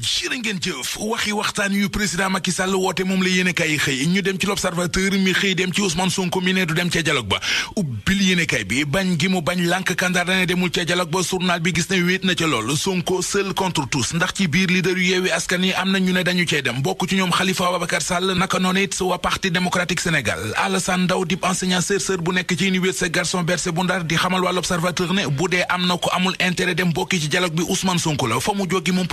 jërë ngeen jëf waxi waxtaan yu président Macky Sall woote moom la yéenekaay yi xëy ñu dem ci l'observateur mi xëy dem ci Ousmane Sonko mi ne du dem ca dialogue ba ubbil yéenekaay bi bañ gi mu bañ lànk kandaar ne demul ca dialogue ba journal bi gis ne wéet na ca lool Sonko seul contre tous ndax ci biir leader yu yeewi askan am na ñu ne dañu cay dem bokk ci ñoom Khalifa Ababacar Sall naka noonu it waa parti démocratique Sénégal Alassane Ndaw dib enseignant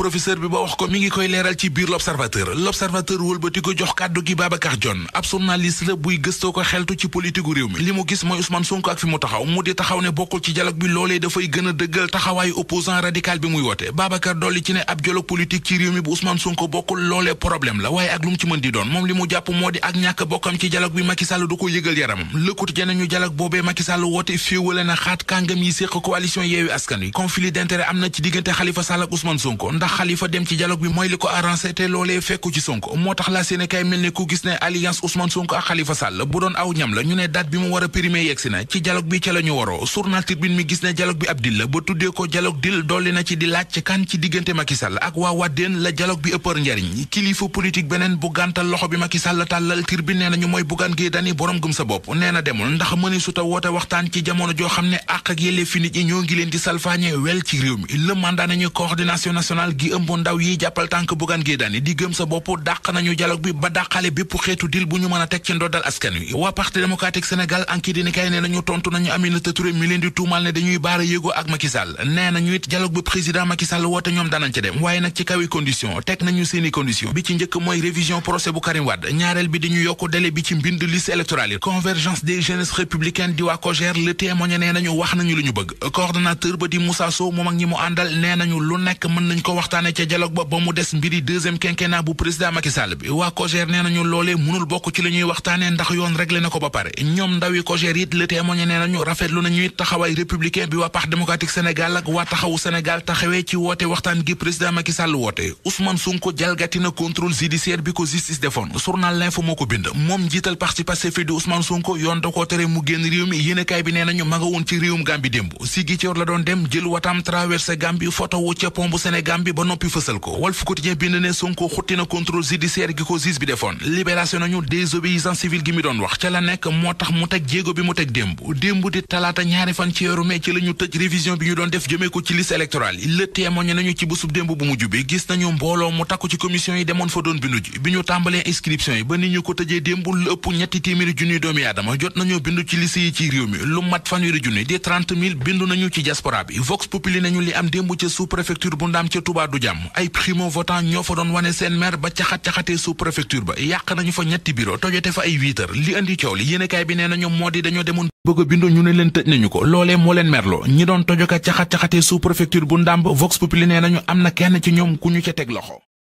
chercheur bi ba wax ko mi ngi koy leeral ci biir l'observateur l'observateur wëlbati ko jox kàddu gi Babacar Dione ab journaliste la buy gëstoo ko xeltu ci politiku réew mi li mu gis mooy Ousmane Sonko ak fi mu taxaw mu di taxaw ne bokkul ci dialogue bi loolee dafay gën a dëggal taxawaayu opposant radical bi muy woote Babacar dolli ci ne ab dialogue politique ci réew mi bu Ousmane Sonko bokkul loolee problème la waaye ak lu mu ci mën di doon moom li mu jàpp moo di ak ñàkk bokkam ci dialogue bi Macky Sall du ko yëgal yaramam lëkkut jeneñu dialogue boobee Macky Sall woote féewale na na ci diggante Khalifa Sall ak Ousmane Sonko dafa dem ci dialogue bi mooy li ko arrangé te loolee fekku ci Sonko moo tax la Sénégal mel ne ku gis ne alliance Ousmane Sonko ak Khalifa Sall bu doon aw ñam la ñu ne date bi mu war a yegsi na ci dialogue bi ca la waroo journal Tribune mi gis ne dialogue bi ab dil ba tuddee ko dialogue dil dolli na ci di laaj kan ci diggante Macky Sall ak waa Wàddeen la dialogue bi ëppër njariñ kilifa politique beneen bu gàntal loxo bi Macky Sall tàllal Tribune ne nañu ndaw yi jàppal tànk Bougane Gueye Dany sa bopp dàq nañu dialogue bi ba dàqale bépp xeetu dil bu ñu mën teg ci ndoddal askan wi waa parti démocratique Sénégal anki dini kay ne nañu tontu nañu Aminata Touré mi leen di tuumal ne dañuy baara yéegoo ak Macky nee nañu it dialogue bu président Macky woote ñoom danañ ca waaye nag ci kawi condition teg nañu seeni condition bi ci njëkk mooy révision procès bu Karim ñaareel bi di ñu bëgg dialogue ba ba mu des mbiri deuxième quinquennat bu président Macky bi waa COJER nee nañu loolee mënul bokk ci li ñuy ndax yoon réglé na ko ba pare ñoom ndawi COJER it le nee nañu rafetlu nañu it taxawaay républicain bi waa Parti démocratique Sénégal ak waa taxawu Sénégal taxawee ci woote waxtaan gi président Macky Sall woote Ousmane Sonko jalgati na contrôle judiciaire bi ko justice defoon journal L'Info moo ko bind moom jiital parti da koo tere mu génn réew mi fësal ko Walf bind ne Sonko xutti na contrôle judiciaire gi ko juge bi defoon libération nañu désobéissance civile gi mi doon wax ca la nekk moo tax mu teg jéego bi mu teg démb di talaata ñaari fan ci weeru ci la tëj révision bi ñu doon def jëmee ko ci liste électorale yi le nañu ci bésub démb bu mujj bi gis nañu mbooloo mu takku ci commission yi demoon fa doon bindu bi ñu tàmbalee inscription yi ba nit ñu ko tëjee démb lu ëpp ñetti téeméeri am ay primo votant ñoo fa doon wane seen maire ba caxat-caxatee sous préfecture ba yàq nañu fa ñetti bureau tojote fa ay huit heures li andi coow li yéenekaay bi nee na ñoom moo di dañoo demoon bëgg a bindu ñu ne leen tëj nañu ko loolee moo leen merloo ñi doon tojoka caxat-caxatee sous préfecture bu ndàmb vox populi nee nañu am na kenn ci ñoom ku ñu ca teg loxo